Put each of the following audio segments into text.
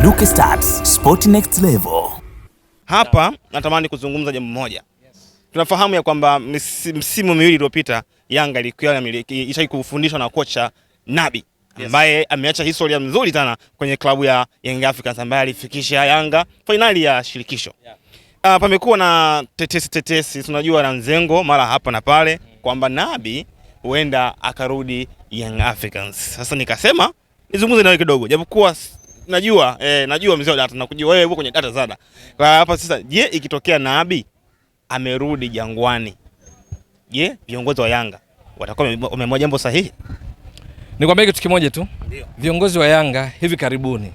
Saduke Stats, Sport Next Level. Hapa natamani kuzungumza jambo moja. Tunafahamu ya kwamba msimu miwili iliyopita Yanga ilikuwa kufundishwa na kocha Nabi ambaye yes, ameacha historia nzuri sana kwenye klabu ya Young Africans ambaye alifikisha Yanga fainali ya shirikisho. Yeah. Uh, pamekuwa na tetesi tetesi, tunajua na mzengo mara hapa na pale mm, kwamba Nabi huenda akarudi Young Africans. Sasa nikasema nizungumze nawe kidogo, japokuwa najua eh, najua mzee wa data nakujua wewe, uko kwenye data zada kwa hapa sasa. Je, ikitokea Nabi amerudi Jangwani, je, viongozi wa Yanga watakuwa wamemwa jambo sahihi? Nikwambia kitu kimoja tu, viongozi wa Yanga hivi karibuni,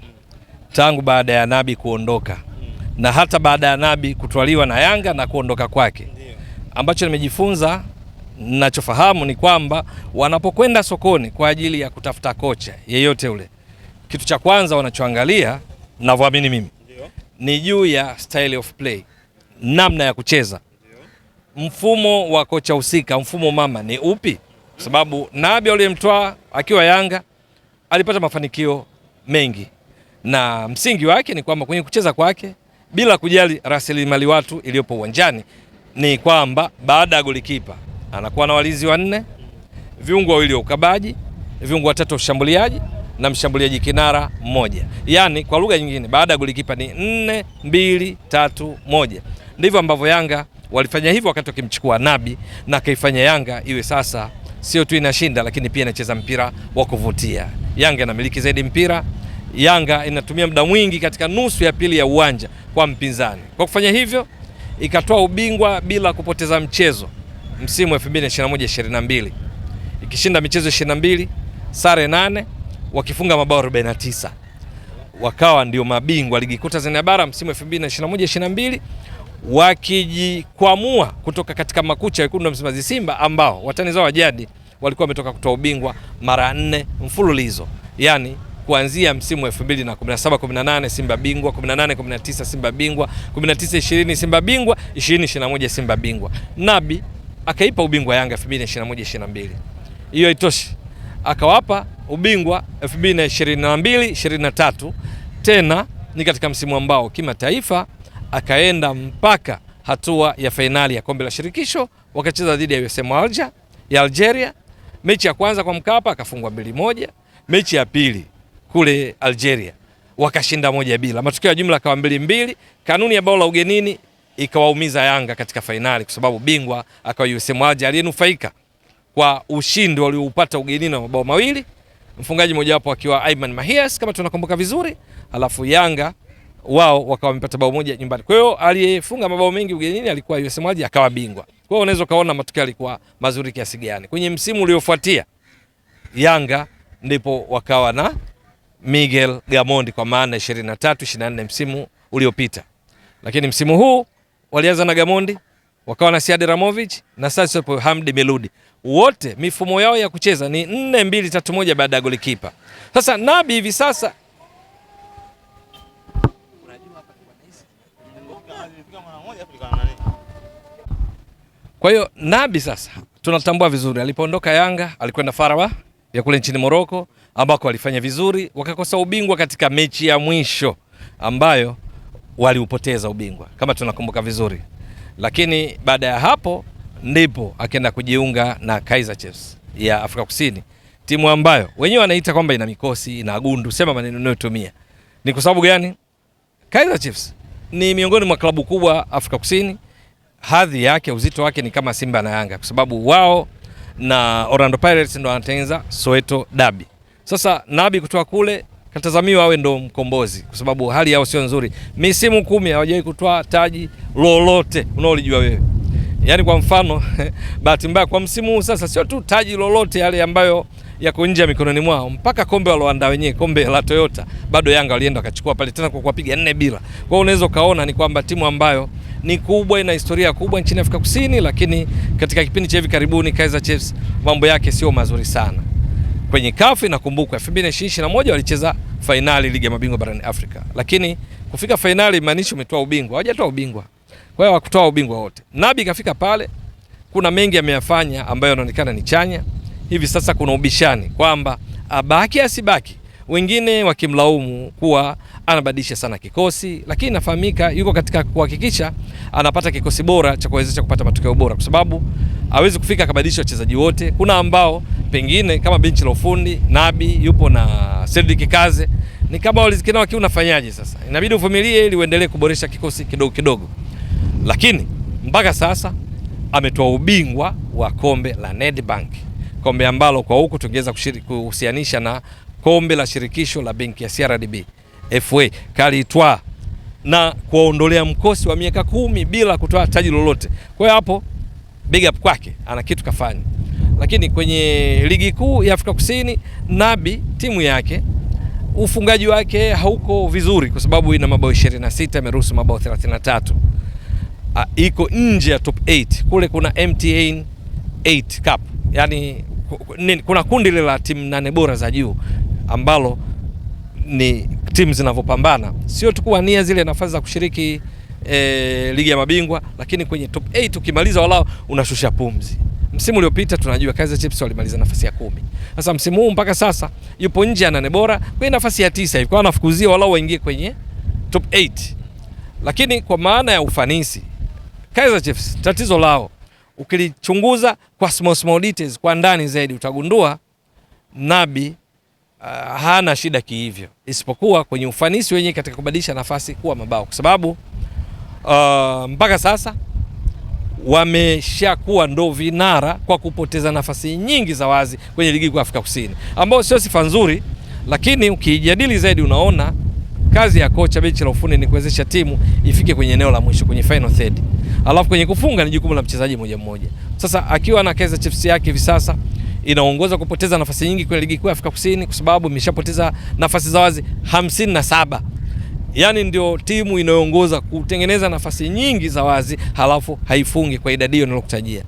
tangu baada ya Nabi kuondoka mm. na hata baada ya Nabi kutwaliwa na Yanga na kuondoka kwake, ambacho nimejifunza nachofahamu ni kwamba wanapokwenda sokoni kwa ajili ya kutafuta kocha yeyote ule, kitu cha kwanza wanachoangalia navyoamini mimi ni juu ya style of play, namna ya kucheza mfumo wa kocha husika, mfumo mama ni upi? Kwa sababu Nabi aliyemtwaa akiwa Yanga alipata mafanikio mengi, na msingi wake ni kwamba kwenye kucheza kwake bila kujali rasilimali watu iliyopo uwanjani ni kwamba baada ya golikipa anakuwa na walinzi wanne, viungo wawili wa ukabaji, viungo watatu wa ushambuliaji na mshambuliaji kinara mmoja, yaani kwa lugha nyingine, baada ya golikipa ni nne mbili tatu moja. Ndivyo ambavyo Yanga walifanya hivyo wakati wakimchukua Nabi na akaifanya Yanga iwe sasa sio tu inashinda, lakini pia inacheza mpira wa kuvutia. Yanga inamiliki zaidi mpira, Yanga inatumia muda mwingi katika nusu ya pili ya uwanja kwa mpinzani. Kwa kufanya hivyo ikatoa ubingwa bila kupoteza mchezo msimu 2021 22 ikishinda michezo 22, sare 8 wakifunga mabao 49 wakawa ndio mabingwa ligi kuu Tanzania bara msimu 2021-22 wakijikwamua kutoka katika makucha wekundu wa Msimbazi Simba ambao watani zao wajadi walikuwa wametoka kutoa ubingwa mara nne mfululizo, yani kuanzia msimu 2017 18 Simba bingwa, 18 19 Simba bingwa, 19 20 Simba bingwa, 20 21 Simba bingwa. Nabi akaipa ubingwa Yanga 2021 22. Hiyo itoshi akawapa ubingwa 2022 23, tena ni katika msimu ambao kimataifa akaenda mpaka hatua ya fainali ya kombe la shirikisho, wakacheza dhidi ya USM Alger ya Algeria. Mechi ya kwanza kwa Mkapa akafungwa mbili moja, mechi ya pili kule Algeria wakashinda moja bila, matokeo ya jumla akawa mbili mbili. Kanuni ya bao la ugenini ikawaumiza Yanga katika fainali, kwa sababu bingwa akawa USM Alger aliyenufaika kwa ushindi walioupata ugenini wa mabao mawili mfungaji mojawapo akiwa Aiman Mahias kama tunakumbuka vizuri, alafu Yanga wao wakawa wamepata bao moja nyumbani. Kwa hiyo aliyefunga mabao mengi ugenini alikuwa yule Mwaji akawa bingwa. Kwa hiyo unaweza kaona matokeo yalikuwa mazuri kiasi gani. Kwenye msimu uliofuatia Yanga ndipo wakawa na Miguel Gamondi kwa maana 23 24 msimu uliopita, lakini msimu huu walianza na Gamondi wakawa na Siad Ramovic na Sasop Hamdi Meludi, wote mifumo yao ya kucheza ni 4 2 baada ya golikipa. Sasa Nabi hivi sasa kwa hiyo Nabi sasa tunatambua vizuri, alipoondoka Yanga alikwenda Farawa ya kule nchini Moroko, ambako walifanya vizuri, wakakosa ubingwa katika mechi ya mwisho ambayo waliupoteza ubingwa, kama tunakumbuka vizuri lakini baada ya hapo ndipo akaenda kujiunga na Kaizer Chiefs ya Afrika Kusini, timu ambayo wenyewe wanaita kwamba ina mikosi ina gundu, sema maneno unayotumia. Ni kwa sababu gani? Kaizer Chiefs ni miongoni mwa klabu kubwa Afrika Kusini, hadhi yake, uzito wake ni kama Simba na Yanga, kwa sababu wao na Orlando Pirates ndo wanatengeneza Soweto Dabi. Sasa Nabi kutoka kule katazamiwa awe ndo mkombozi, kwa sababu hali yao sio nzuri. Misimu kumi hawajawahi kutoa taji lolote unaolijua wewe. Yaani kwa mfano bahati mbaya kwa msimu huu sasa, sio tu taji lolote yale ambayo yako nje ya mikononi mwao, mpaka kombe waloandaa wenyewe, kombe la Toyota, bado Yanga walienda wakachukua pale tena kwa kuwapiga nne bila. Kwa hiyo unaweza ukaona ni kwamba timu ambayo ni kubwa, ina historia kubwa nchini Afrika Kusini, lakini katika kipindi cha hivi karibuni Kaizer Chiefs mambo yake sio mazuri sana kwenye kafu inakumbukwa 2021 walicheza fainali ligi ya mabingwa barani Afrika, lakini kufika fainali maanishi umetoa ubingwa, hawajatoa ubingwa. Kwa hiyo hawakutoa ubingwa wote. Nabi kafika pale, kuna mengi ameyafanya ambayo yanaonekana ni chanya. Hivi sasa kuna ubishani kwamba abaki asibaki, wengine wakimlaumu kuwa anabadilisha sana kikosi, lakini nafahamika yuko katika kuhakikisha anapata kikosi bora cha kuwezesha kupata matokeo bora, kwa sababu hawezi kufika akabadilisha wachezaji wote. Kuna ambao pengine kama benchi la ufundi Nabi yupo na Cedric Kaze, ni kama walizikina wakiwa unafanyaje sasa? Inabidi uvumilie ili uendelee kuboresha kikosi kidogo kidogo, lakini mpaka sasa ametoa ubingwa wa kombe la Nedbank, kombe ambalo kwa huku tungeweza kuhusianisha na kombe la shirikisho la benki ya CRDB FA kalitwaa na kuwaondolea mkosi wa miaka kumi bila kutoa taji lolote. Kwa hiyo hapo big up kwake, ana kitu kafanya. Lakini kwenye ligi kuu ya Afrika Kusini, Nabi timu yake ufungaji wake hauko vizuri kwa sababu ina mabao 26 imeruhusu mabao 33. Ah, iko nje ya top 8. Kule kuna MTN 8 Cup, yani kuna kundi lile la timu nane bora za juu ambalo ni timu zinavyopambana, sio tu kuwania zile nafasi za kushiriki e, ligi ya mabingwa, lakini kwenye top 8 ukimaliza, walao unashusha pumzi. Msimu uliopita tunajua Kaizer Chiefs walimaliza nafasi ya kumi. Sasa msimu huu mpaka sasa yupo nje ya nane bora kwa nafasi ya tisa hivi. Kwa anafukuzia walau waingie kwenye top 8. Lakini kwa maana ya ufanisi Kaizer Chiefs tatizo lao ukilichunguza kwa small small details kwa ndani zaidi utagundua Nabi uh, hana shida kihivyo, isipokuwa kwenye ufanisi wenyewe katika kubadilisha nafasi kuwa mabao, kwa sababu uh, mpaka sasa wameshakuwa ndo vinara kwa kupoteza nafasi nyingi za wazi kwenye ligi kuu Afrika Kusini, ambao sio sifa nzuri, lakini ukijadili zaidi unaona kazi ya kocha, benchi la ufundi ni kuwezesha timu ifike kwenye eneo la mwisho, kwenye final third, alafu kwenye kufunga ni jukumu la mchezaji mmoja mmoja. Sasa akiwa na Kaizer Chiefs yake hivi sasa inaongoza kupoteza nafasi nyingi kwenye ligi kuu Afrika Kusini kwa sababu imeshapoteza nafasi za wazi 57 yani ndio timu inayoongoza kutengeneza nafasi nyingi za wazi, halafu haifungi kwa idadi hiyo nilokutajia.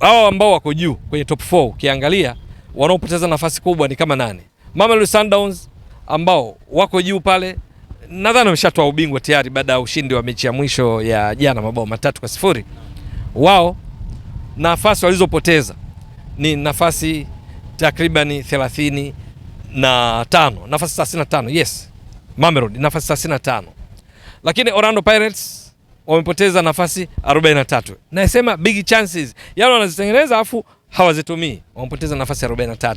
Hawa ambao wako juu kwenye top 4 ukiangalia, wanaopoteza nafasi kubwa ni kama nane, Mamelodi Sundowns ambao wako juu pale nadhani wameshatoa ubingwa tayari baada ya ushindi wa mechi ya mwisho ya jana mabao matatu kwa sifuri. Wao nafasi walizopoteza ni nafasi takribani thelathini na tano, nafasi thelathini na tano yes. Mamelodi nafasi 35. Lakini Orlando Pirates wamepoteza nafasi 43. Nasema big chances. Yaani wanazitengeneza afu hawazitumii. Wamepoteza nafasi 43.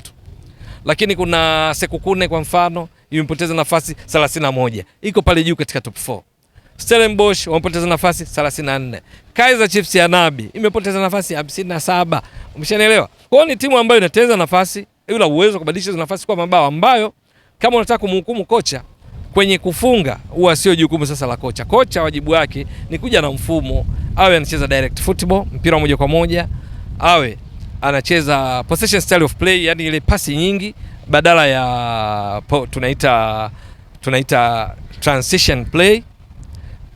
Lakini kuna Sekukune kwa mfano imepoteza nafasi 31. Iko pale juu katika top 4. Stellenbosch wamepoteza nafasi 34. Kaizer Chiefs ya Nabi imepoteza nafasi 57. Umeshanielewa? Kwa ni timu ambayo inatengeneza nafasi ila uwezo kubadilisha nafasi kwa mabao ambayo kama unataka kumhukumu kocha kwenye kufunga huwa sio jukumu sasa la kocha. Kocha wajibu wake ni kuja na mfumo, awe anacheza direct football, mpira moja kwa moja, awe anacheza possession style of play, yani ile pasi nyingi badala ya po, tunaita tunaita transition play,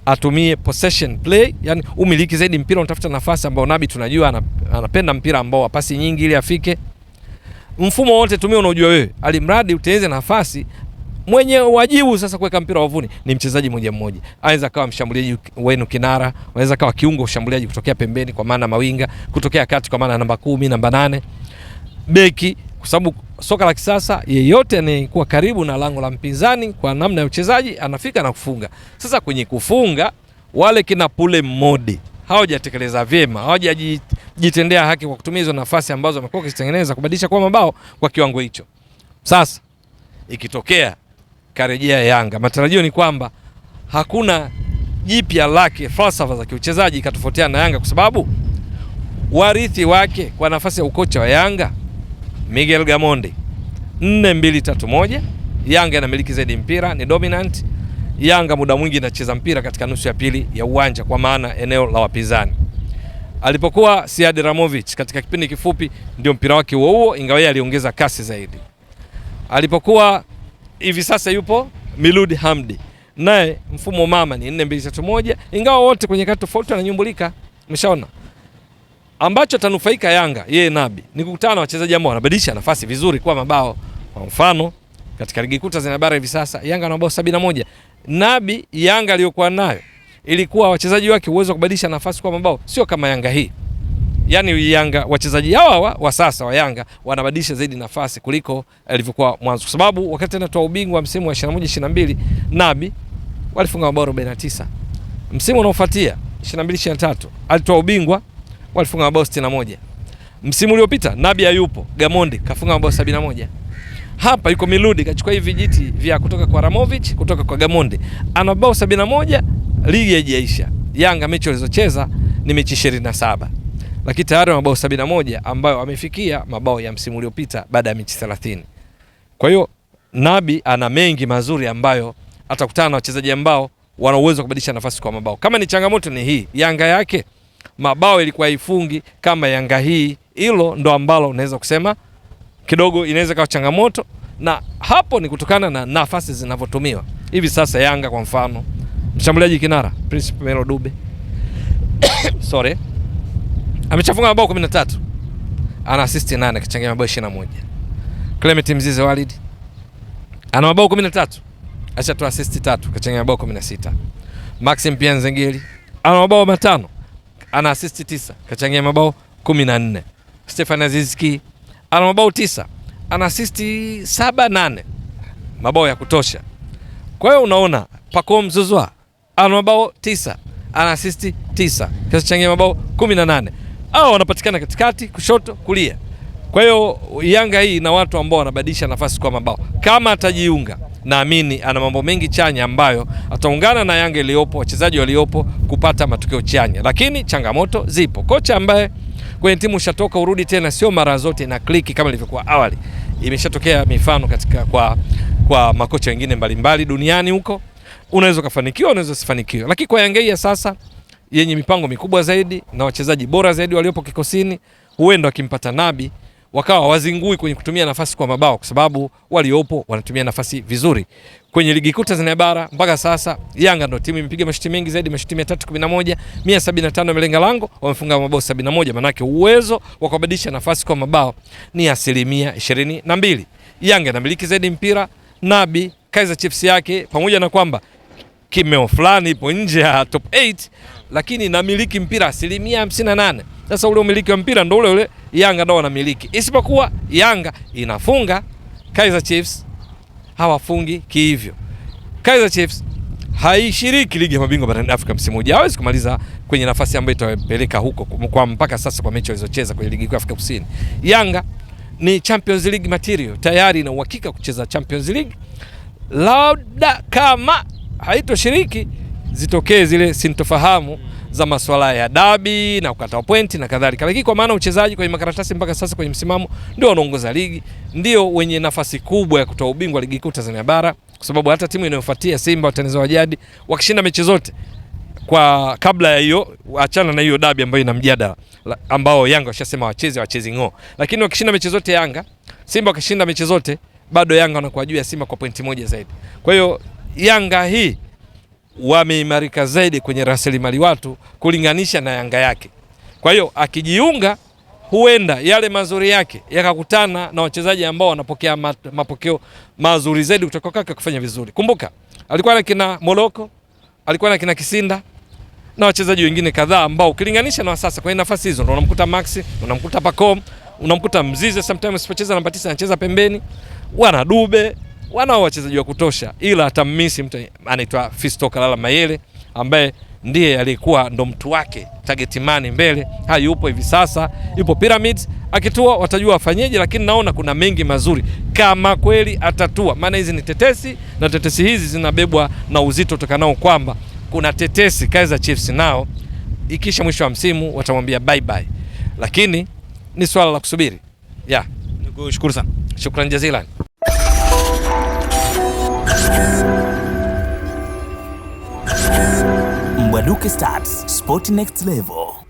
atumie possession play, yani umiliki zaidi mpira, unatafuta nafasi ambayo Nabi tunajua anapenda mpira ambao pasi nyingi ili afike. Mfumo wote tumia unaojua wewe, alimradi utengeneze nafasi mwenye wajibu sasa kuweka mpira wavuni ni mchezaji mmoja mmoja. Anaweza kawa mshambuliaji wenu kinara, anaweza kawa kiungo mshambuliaji kutokea pembeni kwa maana mawinga, kutokea kati kwa maana namba kumi, namba nane, beki, kwa sababu soka la kisasa, yeyote anayekuwa karibu na lango la mpinzani kwa namna ya uchezaji anafika na kufunga. Sasa kwenye kufunga wale kina Pule Modi hawajatekeleza vyema, hawajajitendea haki kwa kutumia hizo nafasi ambazo wamekuwa wakizitengeneza kubadilisha kwa mabao kwa kiwango hicho. Sasa ikitokea karejea Yanga. Matarajio ni kwamba hakuna jipya lake, falsafa za kiuchezaji ikatofautiana na Yanga, kwa sababu warithi wake kwa nafasi ya ukocha wa Yanga Miguel Gamonde, nne mbili tatu moja. Yanga inamiliki zaidi mpira, ni dominant. Yanga muda mwingi inacheza mpira katika nusu ya pili ya uwanja, kwa maana eneo la wapinzani. Alipokuwa Siad Ramovic katika kipindi kifupi, ndio mpira wake huo huo, ingawa aliongeza kasi zaidi. Alipokuwa hivi sasa yupo Milud Hamdi, naye mfumo mama ni 4231 ingawa wote kwenye kati tofauti wananyumbulika. Umeshaona ambacho tanufaika Yanga yeye Nabi ni kukutana na wachezaji ambao wanabadilisha nafasi vizuri kwa mabao. Kwa mfano katika ligi kuta za bara hivi sasa Yanga na mabao 71. Nabi Yanga aliyokuwa nayo ilikuwa wachezaji wake uwezo kubadilisha nafasi kwa mabao, sio kama Yanga hii yani Yanga wachezaji hawa wa wa sasa wa Yanga wanabadilisha zaidi nafasi kuliko ilivyokuwa mwanzo, kwa sababu wakati anatoa ubingwa msimu wa 21 22 Nabi walifunga mabao 49. Msimu unaofuatia 22 23 alitoa ubingwa walifunga mabao 61. Msimu uliopita Nabi hayupo, Gamondi kafunga mabao 71. Hapa yuko Miludi kachukua hivi vijiti vya kutoka kwa Ramovic, kutoka kwa Gamonde, Ana bao 71, ligi haijaisha. Yanga mechi walizocheza ni mechi 27 lakini tayari mabao 71 ambayo amefikia mabao ya msimu uliopita baada ya mechi 30. Kwa hiyo Nabi ana mengi mazuri ambayo atakutana na wachezaji ambao wana uwezo wa kubadilisha nafasi kwa mabao. Kama ni changamoto ni hii, Yanga yake mabao ilikuwa ifungi kama Yanga hii, hilo ndo ambalo unaweza kusema kidogo inaweza kawa changamoto, na hapo ni kutokana na nafasi zinavyotumiwa hivi sasa. Yanga kwa mfano, mshambuliaji kinara Prince Melo Dube sorry Amechafunga mabao 13. Ana assist 8 akichangia mabao 21. Clement Mzize Walid ana mabao 13. Acha tu assist 3 kachangia mabao 16. Maxim Pia Nzengeli ana mabao matano. Ana assist 9 kachangia mabao 14. Stefan Azizki ana mabao 9 ana asisti saba 8, mabao ya kutosha. Kwa hiyo unaona Pako Mzuzwa ana mabao 9 ana asisti tisa kachangia mabao 18 au wanapatikana katikati, kushoto, kulia. Kwa hiyo Yanga hii ina watu ambao wanabadilisha nafasi kwa mabao. Kama atajiunga, naamini ana mambo mengi chanya ambayo ataungana na Yanga iliyopo, wachezaji waliopo kupata matokeo chanya, lakini changamoto zipo. Kocha ambaye kwenye timu ushatoka urudi tena, sio mara zote na kliki kama ilivyokuwa awali. Imeshatokea mifano katika kwa, kwa makocha wengine mbalimbali duniani huko, unaweza ukafanikiwa, unaweza usifanikiwe, lakini kwa Yanga hii ya sasa yenye mipango mikubwa zaidi na wachezaji bora zaidi waliopo kikosini, huenda wakimpata Nabi wakawa wazingui kwenye kutumia nafasi kwa mabao, kwa sababu waliopo wanatumia nafasi vizuri. Kwenye ligi kuu Tanzania bara mpaka sasa Yanga ndio timu imepiga mashuti mengi zaidi, mashuti 311, 175 melenga lango, wamefunga mabao 71. Manake uwezo wa kubadilisha nafasi kwa mabao ni asilimia 22. Yanga inamiliki zaidi mpira. Nabi Kaizer Chiefs yake pamoja na kwamba kimeo fulani ipo nje ya top 8 lakini namiliki mpira asilimia hamsini na nane. Sasa ule umiliki wa mpira ndo ule ule Yanga ndo wanamiliki, isipokuwa Yanga inafunga, Kaizer Chiefs hawafungi kihivyo. Kaizer Chiefs haishiriki ligi ya mabingwa barani Afrika msimu ujao, hawezi kumaliza kwenye nafasi ambayo itawapeleka huko kwa mpaka sasa, kwa mechi walizocheza kwenye ligi kuu Afrika Kusini. Yanga ni Champions League material tayari, ina uhakika kucheza Champions League, labda kama haitoshiriki zitokee zile sintofahamu za masuala ya dabi na kukata pointi na kadhalika, lakini kwa maana uchezaji kwenye makaratasi mpaka sasa kwenye msimamo ndio wanaongoza ligi, ndio wenye nafasi kubwa ya kutoa ubingwa ligi kuu Tanzania bara, kwa sababu hata timu inayofuatia Simba watengeneza wajadi wakishinda mechi zote kwa kabla ya hiyo, achana na hiyo dabi ambayo ina mjadala ambao Yanga washasema wacheze wacheze ngo, lakini wakishinda mechi zote Yanga, Simba wakishinda mechi zote bado Yanga wanakuwa juu ya Simba kwa pointi moja zaidi. Kwa hiyo Yanga hii wameimarika zaidi kwenye rasilimali watu kulinganisha na Yanga yake. Kwa hiyo akijiunga, huenda yale mazuri yake yakakutana na wachezaji ambao wanapokea mapokeo mazuri zaidi kutoka kwake kufanya vizuri. Kumbuka alikuwa na kina Moloko, alikuwa na kina Kisinda na wachezaji wengine kadhaa ambao ukilinganisha na sasa kwenye nafasi hizo ndio unamkuta Max, unamkuta Pacom, unamkuta Mzize sometimes sipocheza namba 9 anacheza pembeni. Wana Dube wanao wachezaji wa kutosha, ila atammisi mtu anaitwa Fisto Kalala Mayele ambaye ndiye alikuwa ndo mtu wake target man mbele. Hayupo hivi sasa, yupo Pyramids. Akitua watajua wafanyeje, lakini naona kuna mengi mazuri kama kweli atatua, maana hizi ni tetesi na tetesi hizi zinabebwa na uzito utokanao kwamba kuna tetesi Kaizer Chiefs nao ikisha mwisho wa msimu watamwambia bye bye, lakini ni swala la kusubiri. Yeah, nikushukuru sana, shukrani jazilan. Mbwaduke Stats, Sport Next Level.